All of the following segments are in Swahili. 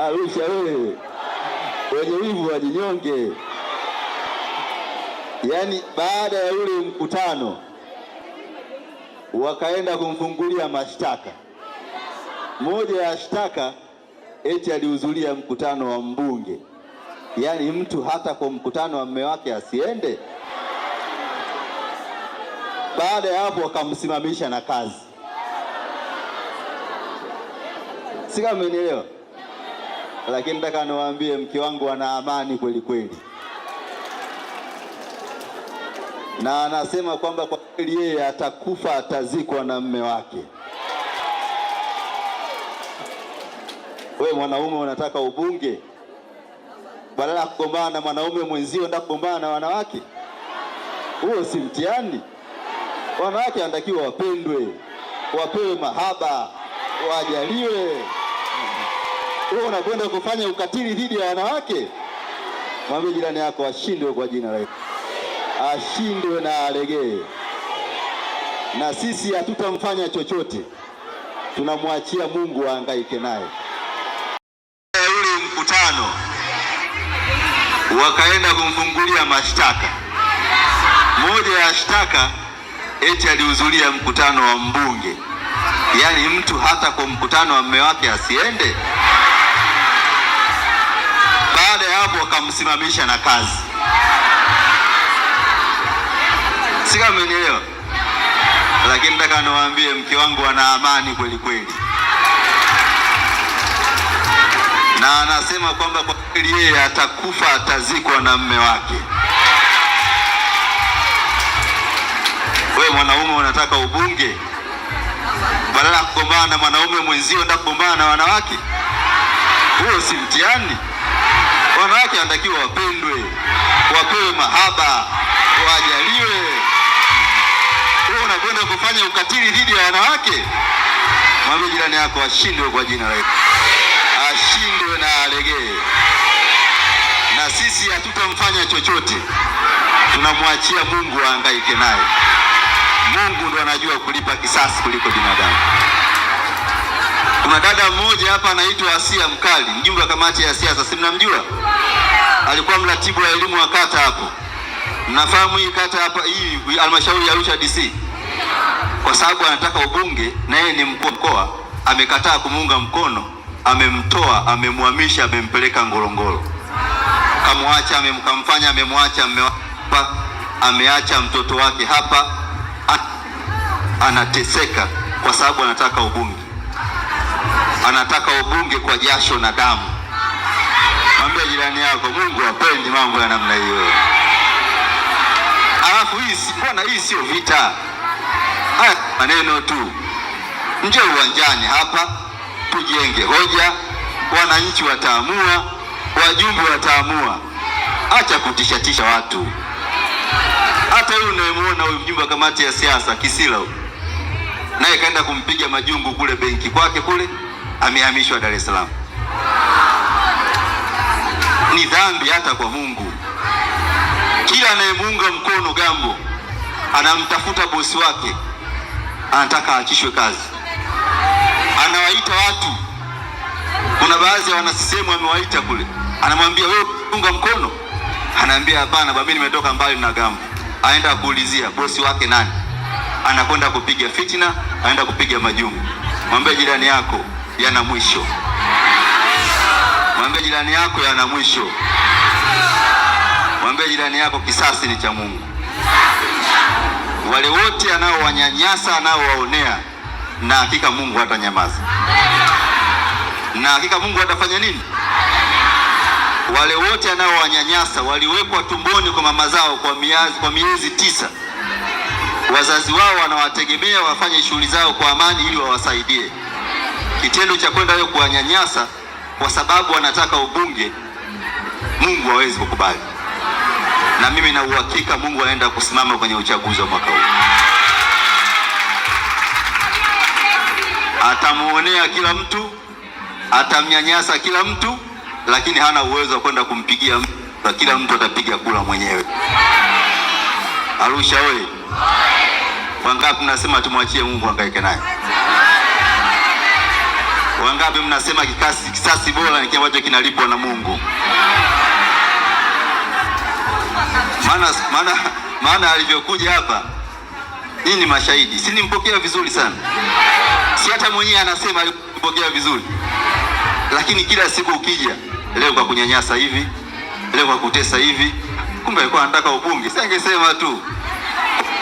Arusha wewe, wenye wivu wajinyonge. Yaani, baada ya ule mkutano wakaenda kumfungulia mashtaka. Moja ya shtaka eti alihudhuria mkutano wa mbunge. Yaani mtu hata kwa mkutano wa mume wake asiende. Baada ya hapo wakamsimamisha na kazi, sikamenielewa lakini nataka niwaambie mke wangu ana amani kweli kweli, na anasema kwamba kwa kweli yeye atakufa atazikwa na mme wake. Wewe mwanaume unataka ubunge, badala ya kugombana na mwanaume mwenzio nda kugombana na wanawake? Huo si mtihani. Wanawake wanatakiwa wapendwe, wapewe mahaba, wajaliwe wewe unakwenda kufanya ukatili dhidi ya wanawake. Mwambie jirani yako ashindwe kwa jina la Yesu, ashindwe na alegee. Na sisi hatutamfanya chochote, tunamwachia Mungu ahangaike naye. Yule mkutano wakaenda kumfungulia mashtaka. Moja ya shtaka eti alihudhuria mkutano wa mbunge. Yaani mtu hata kwa mkutano wa mume wake asiende? baada ya hapo wakamsimamisha na kazi. Si kama lakini nataka niwaambie mke wangu ana amani kweli kweli, na anasema kwamba kwa kweli yeye atakufa atazikwa na mme wake. Wewe mwanaume unataka ubunge badala ya kugombana na mwanaume mwenzio, ndio kugombana na wanawake. Huo si mtihani. Wanawake wanatakiwa wapendwe, wapewe mahaba, wajaliwe. Wewe unakwenda kufanya ukatili dhidi ya wanawake, mwambie jirani yako ashindwe kwa jina la Yesu, ashindwe na alegee, na sisi hatutamfanya chochote, tunamwachia Mungu ahangaike naye. Mungu ndo anajua kulipa kisasi kuliko binadamu. Kuna dada mmoja hapa anaitwa Asia Mkali, mjumbe wa kamati ya siasa, si mnamjua? Alikuwa mratibu wa elimu wa kata hapo. Mnafahamu hii kata hapa, hii halmashauri ya Arusha DC, kwa sababu anataka ubunge na yeye ni mkuu mkoa, amekataa kumuunga mkono, amemtoa, amemhamisha, amempeleka Ngorongoro, kamwacha, amemkamfanya, amemwacha mmewapa, ameacha mtoto wake hapa, anateseka kwa sababu anataka ubunge anataka ubunge kwa jasho na damu. Mwambie jirani yako Mungu apendi mambo ya namna hiyo. Alafu hii mbona hii sio vita? Haya maneno tu. Nje uwanjani hapa tujenge hoja, wananchi wataamua, wajumbe wataamua. Acha kutishatisha watu. Hata huyu unayemwona huyu mjumbe wa kamati ya siasa Kisila naye kaenda kumpiga majungu kule benki kwake kule amehamishwa Dar es Salaam. Ni dhambi hata kwa Mungu. Kila anayemuunga mkono Gambo anamtafuta bosi wake, anataka aachishwe kazi, anawaita watu. Kuna baadhi ya wanasisemu amewaita kule, anamwambia wewe unga mkono, anaambia hapana, mimi nimetoka mbali na Gambo. Aenda kuulizia bosi wake nani, anakwenda kupiga fitina, aenda kupiga majungu. Mwambie jirani yako yana mwisho. Mwambie jirani yako yana mwisho. Mwambie jirani yako kisasi ni cha Mungu. Wale wote anaowanyanyasa anaowaonea, na hakika Mungu atanyamaza na hakika Mungu atafanya nini? Wale wote anaowanyanyasa waliwekwa tumboni kwa mama zao kwa miezi, kwa miezi tisa. Wazazi wao wanawategemea wafanye shughuli zao kwa amani ili wawasaidie. Kitendo cha kwenda leo kuwanyanyasa kwa sababu wanataka ubunge, Mungu hawezi kukubali, na mimi na uhakika Mungu anaenda kusimama kwenye uchaguzi wa mwaka huu. Atamuonea kila mtu, atamnyanyasa kila mtu, lakini hana uwezo wa kwenda kumpigia mtu, na kila mtu atapiga kula mwenyewe. Arusha oye! Wangapi nasema tumwachie Mungu angaike naye. Wangapi mnasema kikasi, kisasi bora ni kile ambacho kinalipwa na Mungu? Maana, maana, maana alivyokuja hapa hii ni mashahidi, si nimpokea vizuri sana, si hata mwenyewe anasema alipokea vizuri, lakini kila siku ukija leo kwa kunyanyasa hivi, leo kwa kutesa hivi, kumbe alikuwa anataka ubunge. Si angesema tu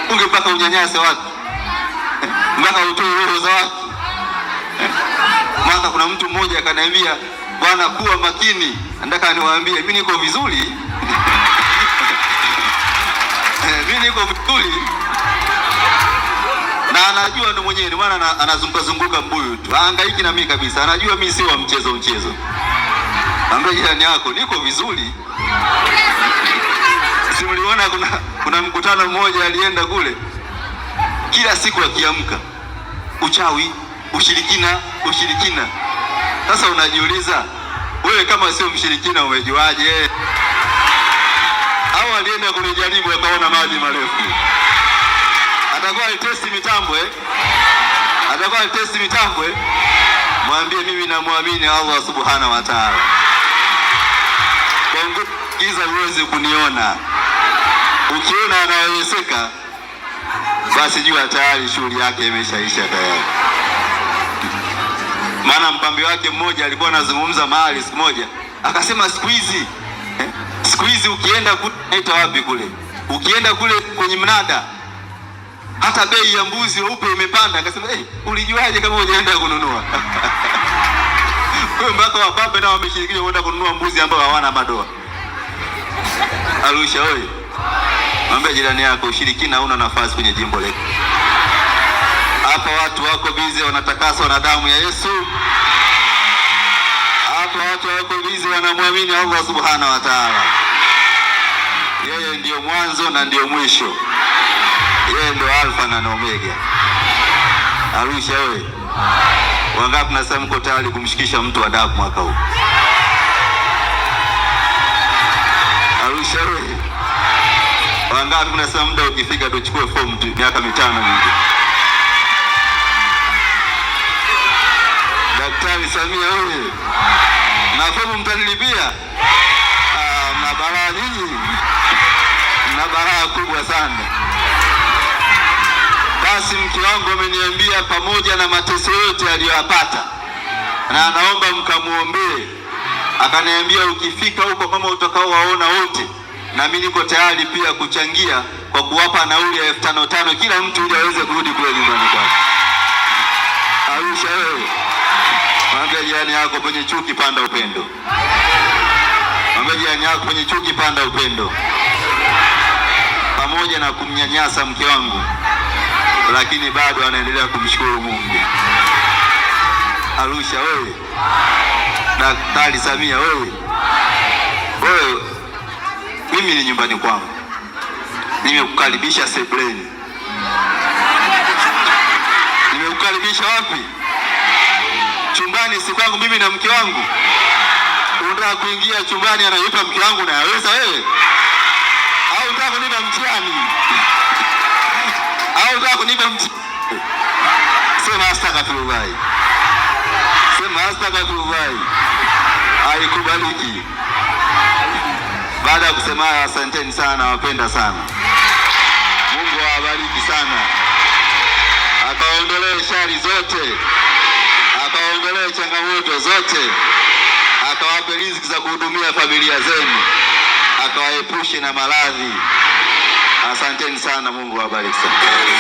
bunge mpaka unyanyase watu mpaka utoe roho za watu. Tanga kuna mtu mmoja akaniambia, bwana kuwa makini. Nataka niwaambie mimi niko vizuri eh, mimi niko vizuri na anajua ndo mwenyewe, maana anazunguka zunguka mbuyu tu, hahangaiki na mimi kabisa, anajua mimi sio wa mchezo mchezo. Ambaye jirani yako niko vizuri. simliona. kuna, kuna mkutano mmoja alienda kule, kila siku akiamka uchawi ushirikina, ushirikina. Sasa unajiuliza wewe, kama sio mshirikina umejuaje? Au alienda kulijaribu akaona maji marefu? Atakuwa alitesti mitambo eh? Atakuwa alitesti mitambo eh? Mwambie mimi namwamini Allah subhanahu wa ta'ala, kwa nguvu giza uweze kuniona. Ukiona anawezeka, basi jua tayari shughuli yake imeshaisha tayari. Maana mpambe wake mmoja alikuwa anazungumza mahali siku moja, akasema siku hizi eh, siku hizi ukienda kule naita wapi kule, ukienda kule kwenye mnada, hata bei ya mbuzi weupe imepanda. Akasema hey, eh, ulijuaje kama ujaenda kununua? Kwa mpaka wapambe nao wameshirikishwa kwenda kununua mbuzi ambao hawana madoa. Arusha oye! Mwambie jirani yako ushirikina hauna nafasi kwenye jimbo letu. Hapa watu wako bize wanatakaswa na damu ya Yesu. Hapa watu wako bize wanamwamini Allah subhanahu wa taala. Yeye ndiyo mwanzo na ndiyo mwisho, yeye ndio alfa na omega. Arusha wewe, wangapi nasema mko tayari kumshikisha mtu adabu mwaka huu? Arusha wewe, wangapi nasema muda ukifika tuchukue fomu miaka mitano mingi Daktari Samia huyu, na mtanilipia? Mna ah, baraa nyinyi, na baraa kubwa sana. Basi mke wangu ameniambia pamoja na mateso yote aliyoyapata, na anaomba mkamwombee. Akaniambia ukifika huko, kama utakaowaona wote, na mimi niko tayari pia kuchangia kwa kuwapa nauli ya elfu tano tano kila mtu, ili aweze kurudi kule nyumbani kwake. Arusha wewe! Mwambie jirani yako kwenye chuki panda upendo. Mwambie jirani yako kwenye chuki panda upendo. Pamoja na kumnyanyasa mke wangu, lakini bado anaendelea kumshukuru Mungu. Arusha wewe, Daktari Samia wewe, wewe, mimi ni nyumbani kwangu, nimekukaribisha sebleni, nimekukaribisha wapi? chumbani si kwangu mimi na mke wangu. Unataka kuingia chumbani anaipa mke wangu na yaweza wewe? Au unataka kunipa mtihani? Au unataka kunipa mtihani? Sema astaghfirullah. Sema astaghfirullah. Haikubaliki. Baada ya kusema haya, asanteni sana, wapenda sana. Mungu awabariki sana, akaondolee shari zote akawatoe changamoto zote, akawape riziki za kuhudumia familia zenu, akawaepushe na maradhi. Asanteni sana, Mungu awabariki sana.